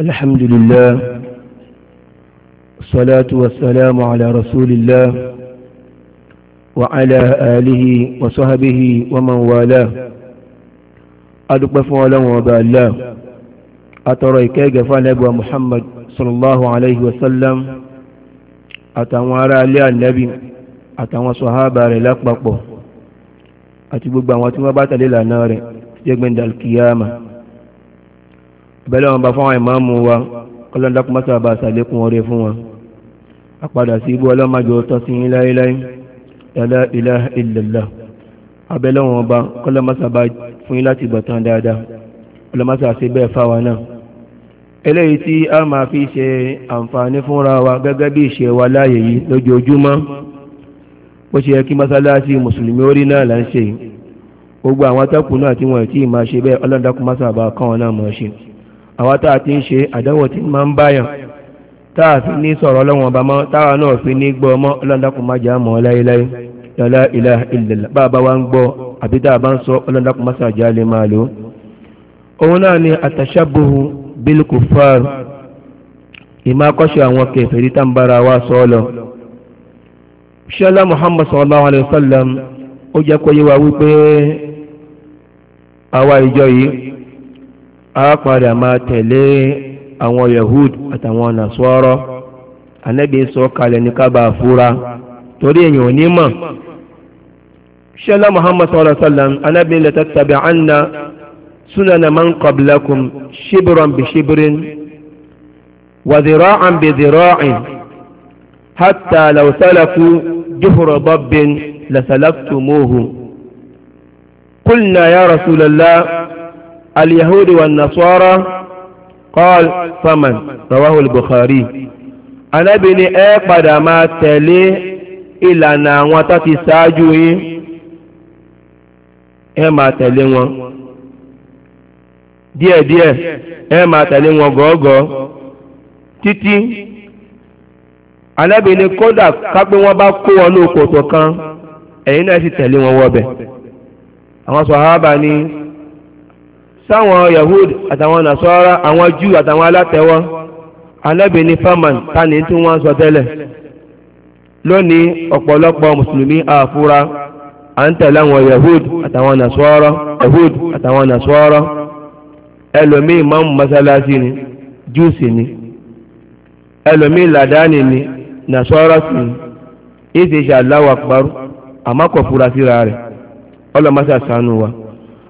الحمد لله الصلاة والسلام على رسول الله وعلى آله وصحبه ومن والاه أدقى فولا وبالا أترى كيف فنبوى محمد صلى الله عليه وسلم أتوى على النبي أتوى صحابة للأقبق أتبقى واتما بات للنار يقبل القيامة bẹ́lẹ̀ wọn bá fáwọn ìmáàmù wa ọlọ́dọ́kùnmọ́sà bá sàlékún oore fún wọn àpadà sí ibú ọlọ́màjọ tọ́ sí yín láéláé la ilaha illallah abẹ́lẹ̀ wọn bá ọlọ́mọ́sà bá fún yín láti gbọ̀tán dáadáa ọlọ́mọ́sà sí bẹ́ẹ̀ fáwọn náà eléyìí tí a máa fi ṣe àǹfààní wa gẹ́gẹ́ bí ìṣe wa láàyè yìí lójoojúmọ́ ó ṣe yẹ kí mọ́sálásí mùsùlùmí orí náà là ń ṣe gbogbo àwọn atọ́kùn náà tí wọ́n àwa tá a ti ń ṣe àdánwò tí máa ń báyàn tá a fi ní sọ̀rọ̀ ọlọ́wọ́n ọba mọ́ táwa náà fi ní gbọ́ ọmọ ọlọ́dàkùnmájà mọ́ láéláé lọ́lá ilá ilẹ̀ bàbá wa ń gbọ́ àbí tá a bá ń sọ ọlọ́dàkùnmájà lè máa lò. òun náà ni àtàṣàbùhù bíl kùfàr ìmọ̀ akọ́ṣẹ́ àwọn kẹfẹ́rí tá ń bára wa sọ muhammad sallallahu alayhi wa sallam ó jẹ́ kó yé wa a padà máa tẹ̀lé àwọn yahud àtàwọn nàṣọ́rọ́ anẹ́bí sọ kalẹ̀ ní kábà fúra torí èyàn ò ní mọ̀ ṣẹlá muhammad sallallahu alaihi wasallam anẹ́bí la tattabi'anna sunana man qablakum shibran bi shibrin wa dhira'an bi dhira'in hatta law salaku juhra dabbin la salaktumuhu qulna ya rasulallah اليهود والنصارى قال فمن رواه البخاري أنا ابن أقد ما تلي إلا نعوة تساجوي ẹ máa tẹ̀lé wọn díẹ̀díẹ̀ ẹ máa tẹ̀lé wọn gọ́ọ̀gọ́ títí alábìnrin kódà kápé wọn bá kó wọn ní okòtò kan ẹ̀yin náà sì tẹ̀lé wọn wọbẹ̀ àwọn sọ̀hábà ní sáwọn Yahud àtàwọn Nasara àwọn Júù àtàwọn alátẹ̀wọ́ alẹ́bí ní fáman tani tí wọ́n sọ tẹ́lẹ̀ lónìí ọ̀pọ̀lọpọ̀ mùsùlùmí àfúra à ń tẹ̀lé àwọn Yahud àtàwọn Nasara Yahud àtàwọn Nasara ẹlòmíì mọ́mù mọ́sálásí ni júùsì ni ẹlòmíì làdáni ni Nasara sí ni ìṣèṣe Allahu Akbar àmọ́ kò síra rẹ̀ ọlọ́mọṣà sànù wa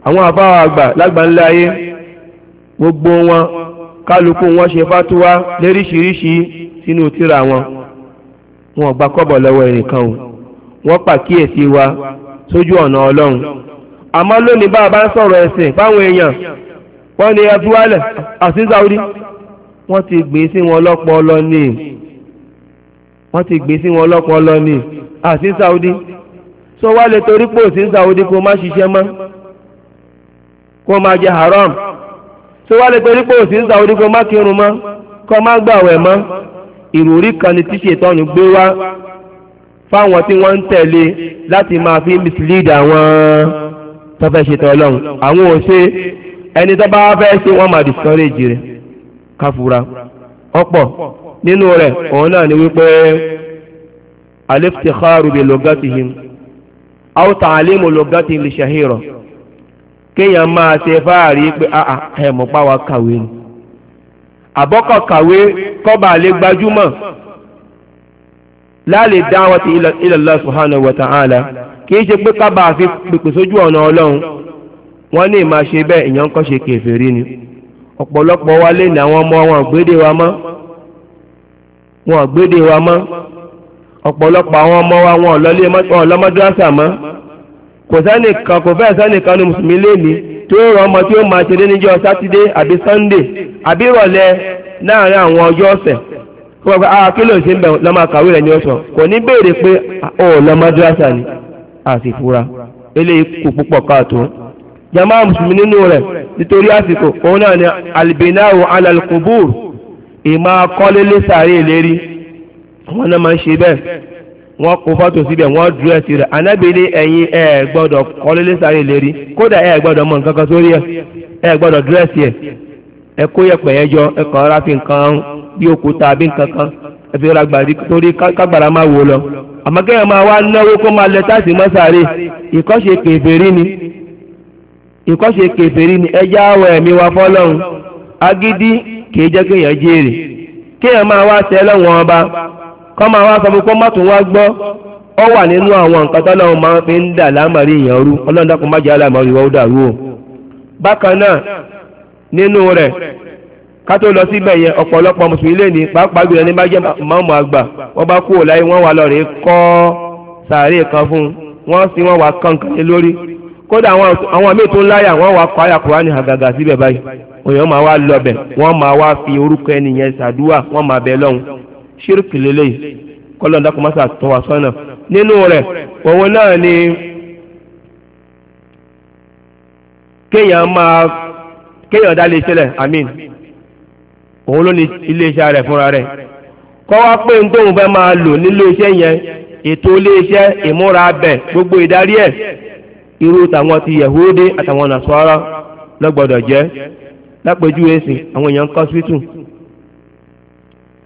àwọn àfáwà àgbà lágbàńlá ayé gbogbo wọn kálukú wọn ṣe fátúwá léríṣiríṣi sínú tíra wọn wọn gba kọ́bọ̀ lọ́wọ́ ẹnìkan o wọ́n pàkíyèsí wa sójú ọ̀nà ọlọ́run àmọ́ lónìí bá a bá ń sọ̀rọ̀ ẹ̀sìn fáwọn èèyàn wọ́n ní ẹbúwálẹ̀ àti Saudi wọ́n ti gbé sí wọn lọ́pọ̀ lọ́ní wọ́n ti gbé sí wọn lọ́pọ̀ lọ́ní àti Saudi so wá lè torí pò sí Saudi kó má ṣiṣẹ́ mọ́ kó o máa jẹ haram tó wá lè torí pé òsì ń sàwọ́dí kó má kírun mọ́ kó má gbàwẹ̀ mọ́ ìròrí kan ni tíṣe tọ́nu gbé wá fáwọn tí wọ́n ń tẹ̀lé láti máa fi mislead àwọn tó fẹ́ ọlọ́run àwọn ò ẹni tó bá fẹ́ ṣe wọ́n máa discourage rẹ̀ káfura ọ̀pọ̀ nínú rẹ̀ òun náà ni wípé aliftikharu bi logatihim aw ta'alimu logatihim li shahira. kéèyàn máa ṣe fáàrí pé ah, ah, ẹ mọ̀ pa wá kàwé ni àbọ́kọ̀ kàwé kọ́ba lè gbajúmọ̀ láàlè dáwọ́tì ila Allah subhanahu wa ta'ala kì ṣe pé kábà fi pèpè sójú ọ̀nà ọlọ́run wọ́n ní ìmáa ṣe bẹ́ẹ̀ èèyàn kọ́ ṣe ni ọ̀pọ̀lọpọ̀ wa lé ní àwọn ọmọ wọn wa mọ́ kò sẹ́nìkan kò fẹ́ sẹ́nìkan ní mùsùlùmí lẹ́ni tí ó rọ ọmọ tí ó máa ṣeré níjọ́ sátidé àbí sannde àbí ìrọ̀lẹ́ láàrin àwọn ọjọ́ ọ̀sẹ̀ kó wọ́n pẹ́ ah kí ló ń ṣe ń bẹ̀ lọ́mọ àkàwé rẹ̀ ní ọ̀sán kò ní béèrè pé ó lọ́mọ dúrásà ni àsìfura eléyìí kù púpọ̀ káàtó jamaa mùsùlùmí nínú rẹ̀ nítorí àsìkò òun náà ni albinawo alalkubur ìmọ̀ akọ́lélé sàárè ìlérí wọn náà máa ń ṣe bẹ́ẹ̀ wọn kó fọ́tò síbẹ̀ wọ́n dúró ẹ̀sì rẹ̀ anábìlẹ̀ ẹ̀yin ẹ̀ gbọ́dọ̀ kọ́lélé sáré lérí kódà mọ nǹkan kan sórí ẹ̀ ẹ̀ gbọ́dọ̀ dúrẹ́sì ẹ̀ ẹ kó yẹ̀pẹ̀ yẹn jọ ẹ kàn ra fi nǹkan bí òkúta bí nǹkan kan ẹ fi ra gbàdí torí kágbàrá máa wò lọ àmọ́ máa wá náwó ni ìkọ́ṣe ni ẹ̀mí wa fọ́lọ́run agídí kì í jẹ́ kọ́mọ àwọn sọ fún mọ́tò gbọ gbọ́ ọ wà nínú àwọn nǹkan tó máa fi ń dà lámàrí èèyàn rú wa dàrú o bákan náà nínú rẹ̀ lọ síbẹ̀ yẹn ọ̀pọ̀lọpọ̀ mùsùlùmí lè ní pàápàá jùlọ bá jẹ́ mọ́mù àgbà wọ́n bá kú ma wọ́n wà lọ́rẹ̀ kọ́ sàárè kan fún wọ́n sì wọ́n wà kankan lórí kódà àwọn míì tó ń láyà wọ́n wà kọ́ àyà kùránì àgàgà síbẹ̀ báyìí òyìnbó máa wá lọ bẹ̀ wọ́n máa wá ṣírùkì lélẹ́yìí kọ́lọ́ dákúmọ́sà tó nínú òun náà ni kéèyàn máa kéèyàn dá lè ṣẹlẹ̀ àmín òun ló ní iléeṣẹ́ rẹ̀ fúnra rẹ̀ kọ́ wá pé ní tóun fẹ́ máa lò níléeṣẹ́ yẹn ètò iléeṣẹ́ ìmúra abẹ gbogbo ìdarí ẹ̀ irú tàwọn ti yẹ̀húdé àtàwọn nàṣọ́rọ́ lọ́gbọ́dọ̀ jẹ́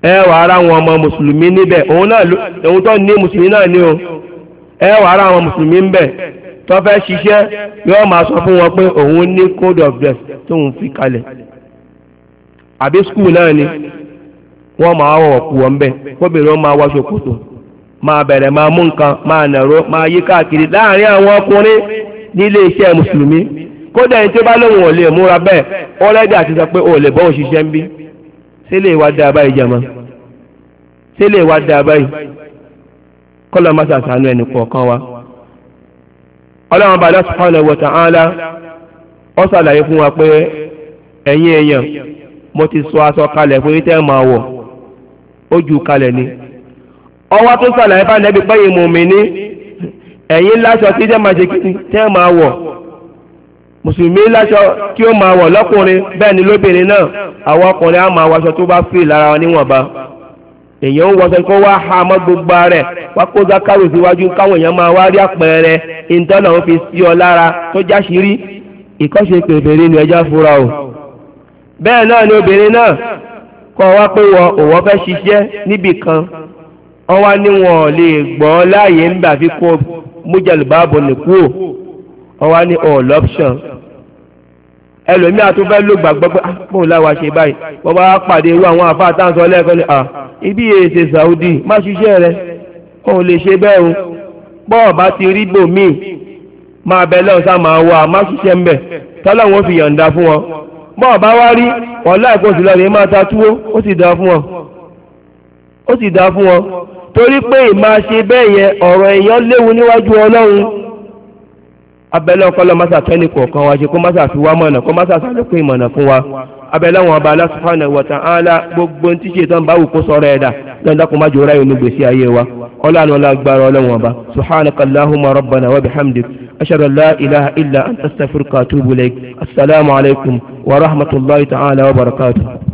ẹ ara àwọn ọmọ mùsùlùmí níbẹ̀ òun náà tó ní mùsùlùmí náà ní o ẹ ara àwọn mùsùlùmí ń bẹ̀ tó fẹ́ ṣiṣẹ́ yóò máa sọ fún wọn pé òun ní code of dress tó ń fi kalẹ̀ àbí skul náà ni wọ́n máa wọ̀ kú wọn bẹ̀ kóbìnrin máa wọ ṣòkòtò máa bẹ̀rẹ̀ máa mú nǹkan máa nàró máa yí káàkiri láàrin àwọn ọkùnrin nílé iṣẹ́ mùsùlùmí kódà ẹni tó bá lóun ò lè múra bẹ́ẹ̀ ó rẹ́dí àti sọ pé ò lè bọ́ òṣìṣẹ́ ń bí sele wa da báyìí jama sele wa dáa báyìí kọ́lọ̀ má sàṣàánú ẹnì kọ̀ọ̀kan wa ọlọ́run bá Allah subhanahu fún wa pé ẹ̀yin èèyàn mo ti sọ aṣọ kalẹ̀ fún yín tẹ́ ju kalẹ̀ ni ọwọ́ tó ṣàlàyé bá nẹ́bí pẹ́yìn mùmí ní ẹ̀yin mùsùlùmí láṣọ kí ó máa wọ̀ lọ́kùnrin bẹ́ẹ̀ ni lóbìnrin náà àwọn ọkùnrin á máa wọṣọ tó bá fi lára wọn níwọ̀nba èèyàn ń wọṣọ kó wá ha mọ́ gbogbo rẹ̀ wá kó zakaru síwájú káwọn èèyàn máa wá rí àpẹẹrẹ ìtọ́nà ń fi sí ọ lára tó jáṣírí ìkọ́ṣe pèbèrè ni ẹja fura o bẹ́ẹ̀ náà ni obìnrin náà kọ́ wá pé wọ òwò fẹ́ ṣiṣẹ́ níbì kan wọ́n wá ní wọn lè gbọ́ láàyè ń bà fi kó mújẹ̀lùbáàbò nìkú ò wá ní all option ẹlòmí àtúnfẹ́ ló gbàgbọ́ pé ah, bóun láwa ṣe báyìí wọ́n bá pàdé irú àwọn àfáà táǹsọ lẹ́ẹ̀kan ní ah, ibi èsè Saudi má ṣiṣẹ́ rẹ òun lè ṣe bẹ́ẹ̀ o bọ́ọ̀ bá ti rí bòmíì máa bẹ lọ́ọ̀ sá máa wà má ṣiṣẹ́ ń bẹ̀ tọ́lọ́wọ́n fi yọ̀ǹda fún wọn bọ́ọ̀ bá wá rí wọn láìpò sí lọ́ọ̀rẹ́ máa ta túwó ó sì dá fún wọn ó sì dá fún wọn torí pé ìmáa ṣe bẹ́ẹ̀ yẹn ọ̀rọ̀ èèyàn léwu níwájú Ọlọ́run abẹ́lẹ́ ọkọ́lọ́ masa fẹ́ni kọ̀ọ̀kan wa ṣe kó masa fi wá mọ̀nà kó masa sálùkù ìmọ̀nà fún wa abẹ́lẹ́ wọn ọba aláṣùfáànà ìwọ̀ta ánlá gbogbo tí ṣe tán bá kó sọ̀rọ̀ ẹ̀dà lọ́dá kó má jò ráyè ní gbèsè ayé wa ọlọ́run ọlágbára ọlọ́run ọba subhanaka allahumma rabbana wa bihamdik ashhadu ilaha illa anta astaghfiruka assalamu alaikum wa rahmatullahi ta'ala wa barakatuh